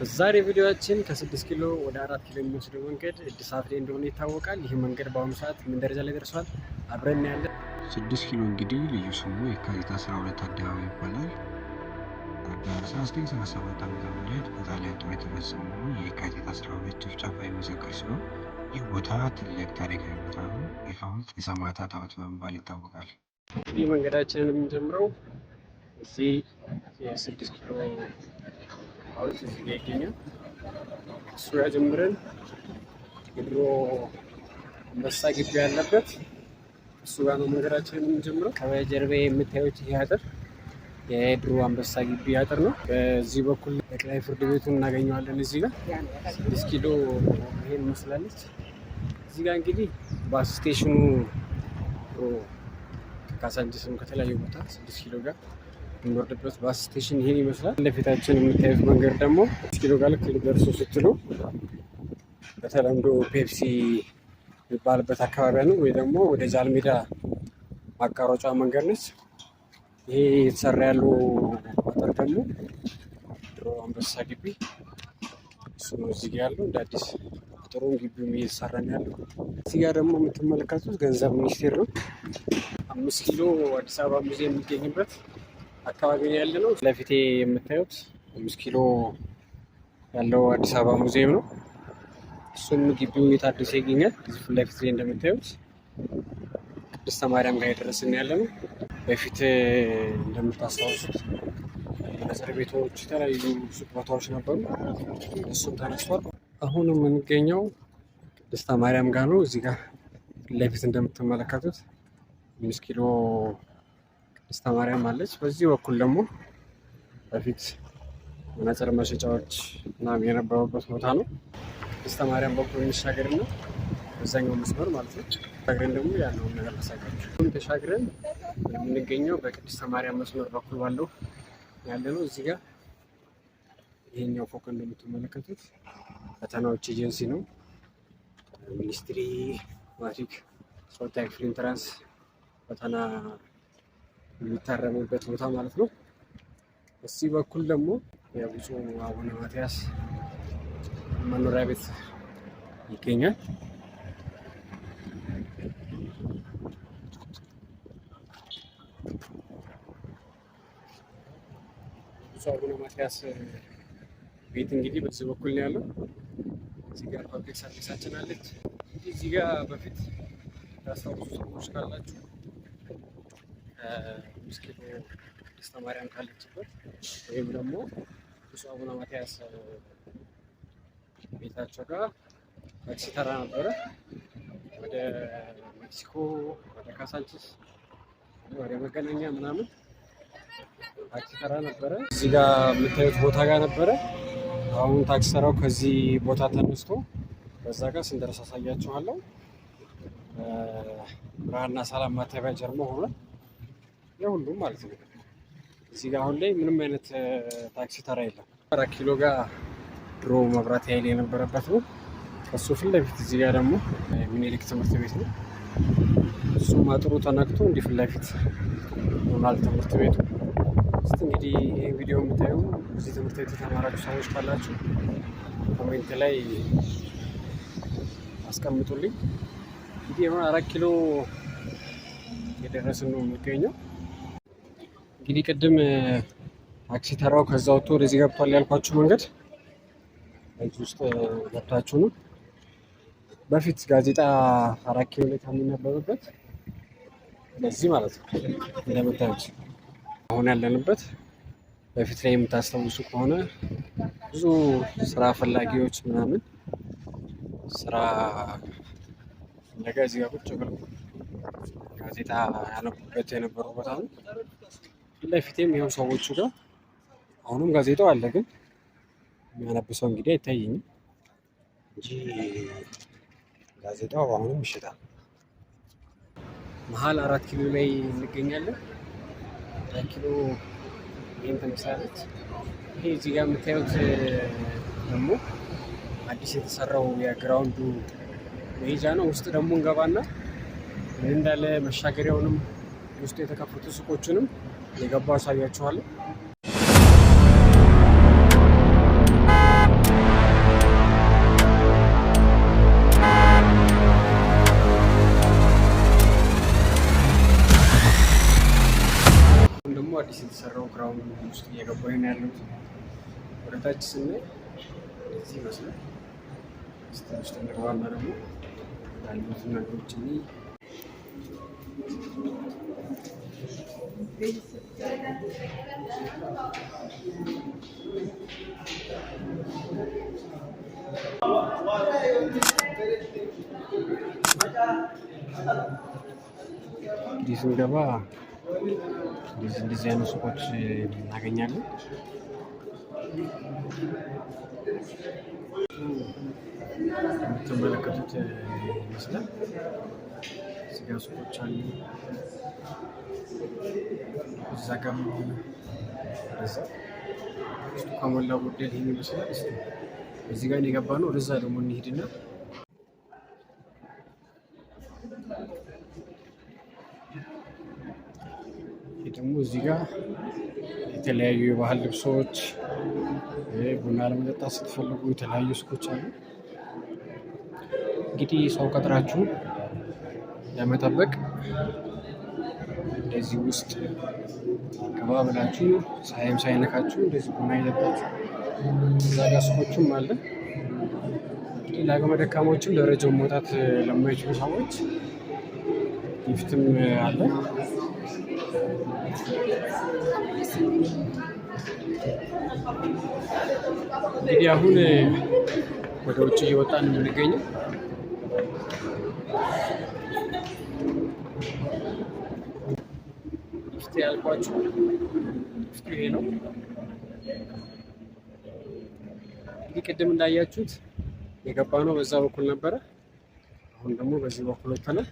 በዛሬ ቪዲዮችን ከስድስት ኪሎ ወደ አራት ኪሎ የሚወስደው መንገድ እድሳት ላይ እንደሆነ ይታወቃል። ይህ መንገድ በአሁኑ ሰዓት ምን ደረጃ ላይ ደርሷል? አብረን ያለን ስድስት ኪሎ እንግዲህ ልዩ ስሙ የካቲት 12 አደባባይ ይባላል። በ1977 ዓ ም በጣሊያን ጦር የካቲት ጭፍጨፋ የሚዘክር ሲሆን ይህ ቦታ ትልቅ ታሪካዊ ቦታ ነው። ይኸውም የሰማዕታት በመባል ይታወቃል። መንገዳችንን የምንጀምረው እዚህ የስድስት ኪሎ ሐውልት እዚህ ጋር ይገኛል። እሱ ያጀምረን የድሮ አንበሳ ግቢ ያለበት እሱ ጋር ነው መንገዳችን የምንጀምረው። ከጀርባ የምታዩት ይሄ አጥር የድሮ አንበሳ ግቢ አጥር ነው። በዚህ በኩል ጠቅላይ ፍርድ ቤቱን እናገኘዋለን። እዚህ ጋር ስድስት ኪሎ ይሄን መስላለች። እዚህ ጋር እንግዲህ ባስ ስቴሽኑ ካሳንጅስም ከተለያዩ ቦታ ስድስት ኪሎ ጋር የምንወርድበት ባስ ስቴሽን ይሄን ይመስላል። ለፊታችን የምታዩት መንገድ ደግሞ ኪሎ ጋር ልክ ሊደርሱ ስትሉ በተለምዶ ፔፕሲ የሚባልበት አካባቢያ ነው ወይ ደግሞ ወደ ጃልሜዳ ማቋረጫ መንገድ ነች። ይሄ የተሰራ ያሉ ቁጥር ደግሞ ድሮ አንበሳ ግቢ እሱ ነው እዚህ ጋ ያለው እንደ አዲስ ጥሩም ግቢውም እየተሰራ ነው ያለው። እዚህ ጋር ደግሞ የምትመለከቱት ገንዘብ ሚኒስቴር ነው። አምስት ኪሎ አዲስ አበባ ሙዚየም የሚገኝበት አካባቢ ነው ያለ ነው። ለፊቴ የምታዩት አምስት ኪሎ ያለው አዲስ አበባ ሙዚየም ነው። እሱም ግቢው የታደሰ ይገኛል። እዚህ ፊት ለፊት እንደምታዩት ቅድስተ ማርያም ጋር የደረስን ያለ ነው። በፊት እንደምታስታውሱት መሰር ቤቶች፣ የተለያዩ ሱቅ ቦታዎች ነበሩ። እሱም ተነስቷል። አሁን የምንገኘው ቅድስተ ማርያም ጋር ነው። እዚህ ጋር ፊት ለፊት እንደምትመለከቱት አምስት ኪሎ ደስተማርያም አለች። በዚህ በኩል ደግሞ በፊት መነጽር መሸጫዎች ምናምን የነበረበት ቦታ ነው። ደስተማርያም በኩል ነው በዛኛው መስመር ማለት ነው ተሻግረን ደግሞ ያለውን ነገር ላሳያችሁ። ተሻግረን የምንገኘው በቅድስተ ማርያም መስመር በኩል ባለው ያለ ነው። እዚህ ጋር ይሄኛው ፎቅ እንደምትመለከቱት ፈተናዎች ኤጀንሲ ነው። ሚኒስትሪ ማትሪክ ሶልታይ ክፍል ኢንትራንስ ፈተና የሚታረሙበት ቦታ ማለት ነው። እዚህ በኩል ደግሞ የብፁዕ አቡነ ማትያስ መኖሪያ ቤት ይገኛል። ብፁዕ አቡነ ማትያስ ቤት እንግዲህ በዚህ በኩል ነው ያለው። እዚህ ጋር ፓብሊክ ሰርቪሳችን አለች። እዚህ ጋር በፊት ያስታውሱ ሰዎች ካላችሁ ምስኪቶ ኪሎ ማርያም ካለችበት ወይም ደግሞ ብፁዕ አቡነ ማትያስ ቤታቸው ጋር ታክሲ ተራ ነበረ። ወደ ሜክሲኮ፣ ወደ ካሳንቺስ፣ ወደ መገናኛ ምናምን ታክሲ ተራ ነበረ። እዚህ ጋር የምታዩት ቦታ ጋር ነበረ። አሁን ታክሲ ተራው ከዚህ ቦታ ተነስቶ በዛ ጋር ስንደርስ አሳያችኋለሁ። ብርሃንና ሰላም ማተቢያ ጀርሞ ሆኗል። የሁሉም ማለት ነው። እዚህ ጋር አሁን ላይ ምንም አይነት ታክሲ ተራ የለም። አራት ኪሎ ጋር ድሮ መብራት ኃይል የነበረበት ነው። ከሱ ፊት ለፊት እዚህ ጋር ደግሞ ሚኒሊክ ትምህርት ቤት ነው። እሱም አጥሩ ተነክቶ እንዲህ ፊት ለፊት ሆኗል ትምህርት ቤቱ። እስቲ እንግዲህ ይህ ቪዲዮ የምታዩ እዚህ ትምህርት ቤት የተማራችሁ ሰዎች ካላችሁ ኮሜንት ላይ አስቀምጡልኝ። እንግዲህ አሁን አራት ኪሎ የደረስን ነው የሚገኘው እንግዲህ ቅድም ታክሲ ተራው ከዛ ወጥቶ ወደዚህ ገብቷል ያልኳችሁ መንገድ እዚህ ውስጥ ገብታችሁ ነው። በፊት ጋዜጣ አራት ኪሎ ላይ ከሚነበብበት ለዚህ ማለት ነው እንደምታዩት አሁን ያለንበት በፊት ላይ የምታስታውሱ ከሆነ ብዙ ስራ ፈላጊዎች ምናምን ስራ እንደጋ እዚህ ጋር ቁጭ ብለው ጋዜጣ ያነቡበት የነበረው ቦታ ነው። ፊት ለፊቴም ይኸው ሰዎቹ ጋር አሁንም ጋዜጣው አለ፣ ግን የሚያነብሰው እንግዲህ አይታየኝም እንጂ ጋዜጣው አሁንም ይሸጣል። መሀል አራት ኪሎ ላይ እንገኛለን። አራት ኪሎ ይህን ትመስላለች። ይሄ እዚህ ጋር የምታዩት ደግሞ አዲስ የተሰራው የግራውንዱ መሄጃ ነው። ውስጥ ደግሞ እንገባና እንዳለ መሻገሪያውንም ውስጡ የተከፈቱ ሱቆቹንም የገባ አሳያችኋለሁ። ደግሞ አዲስ የተሰራው ክራውን ውስጥ እየገባኝ ነው ወደታች ስናይ እዚህ ይመስላል። ስታች ደግሞ ያሉትን ነገሮች እንዲህ ስንገባ እንደዚህ አይነት ሱቆች እናገኛለን። የምትመለከቱት ይመስላል። የስጋ ሱቆች አሉ። እዛ ጋር ዛ ከሞላ ጎደል ይህን ይመስላል። ስ እዚህ ጋር የገባ ነው። ወደዛ ደግሞ እንሄድና ደግሞ እዚህ ጋር የተለያዩ የባህል ልብሶች፣ ቡና ለመጠጣት ስትፈልጉ የተለያዩ ሱቆች አሉ። እንግዲህ ሰው ቀጥራችሁ ለመጠበቅ እንደዚህ ውስጥ ገባ ብላችሁ ፀሐይም ሳይነካችሁ እንደዚህ ቡና ይለባችሁ። እዛ ጋር አለ። ለአቅመ ደካሞችም ደረጃውን መውጣት ለማይችሉ ሰዎች ሊፍትም አለ። እንግዲህ አሁን ወደ ውጭ እየወጣን የምንገኘው ፍትህ ያልኳችሁ ፍትህ ይሄ ነው። እንግዲህ ቅድም እንዳያችሁት የገባ ነው በዛ በኩል ነበረ። አሁን ደግሞ በዚህ በኩል ወተናል።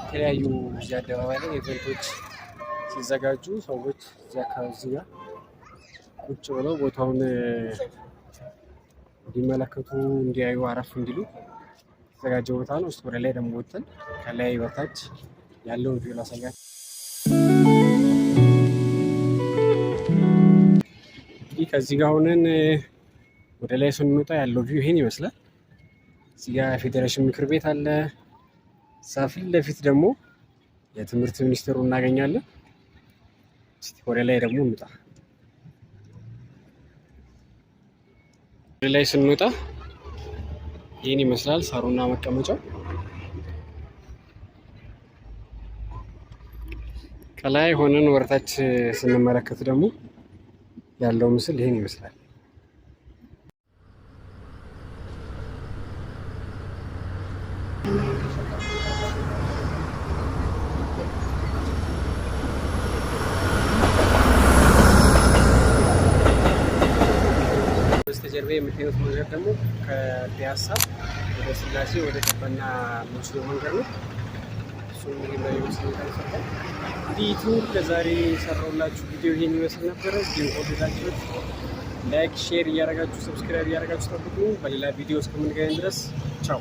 የተለያዩ እዚህ አደባባይ ላይ ኢቨንቶች ሲዘጋጁ ሰዎች እዚህ አካባቢ እዚህ ጋር ቁጭ ብለው ቦታውን እንዲመለከቱ እንዲያዩ አረፍ እንዲሉ የተዘጋጀ ቦታ ነው። እስቲ ወደ ላይ ደግሞ ወጥተን ከላይ በታች ያለውን ቪው ላሳያችሁ። እንግዲህ ከዚህ ጋር ሆነን ወደ ላይ ስንወጣ ያለው ቪው ይሄን ይመስላል። እዚህ ጋር ፌዴሬሽን ምክር ቤት አለ። እዛ ፊት ለፊት ደግሞ የትምህርት ሚኒስትሩ እናገኛለን። ወደ ላይ ደግሞ እንውጣ። ወደ ላይ ስንወጣ ይህን ይመስላል ሳሩና መቀመጫው። ከላይ ሆነን ወረታች ስንመለከት ደግሞ ያለው ምስል ይህን ይመስላል። በስተጀርባ የምታዩት መንገድ ደግሞ ከፒያሳ ወደ ስላሴ ወደ ቀበና መስሎ መንገድ ነው። እሱም ይህ በሚመስል ተሰጠ። ቪቱ ለዛሬ የሰራሁላችሁ ቪዲዮ ይሄን ይመስል ነበረ። ቪዲዮ ከወደዳችሁት ላይክ፣ ሼር እያደረጋችሁ ሰብስክራይብ እያደረጋችሁ ጠብቁ። በሌላ ቪዲዮ እስከምንገናኝ ድረስ ቻው።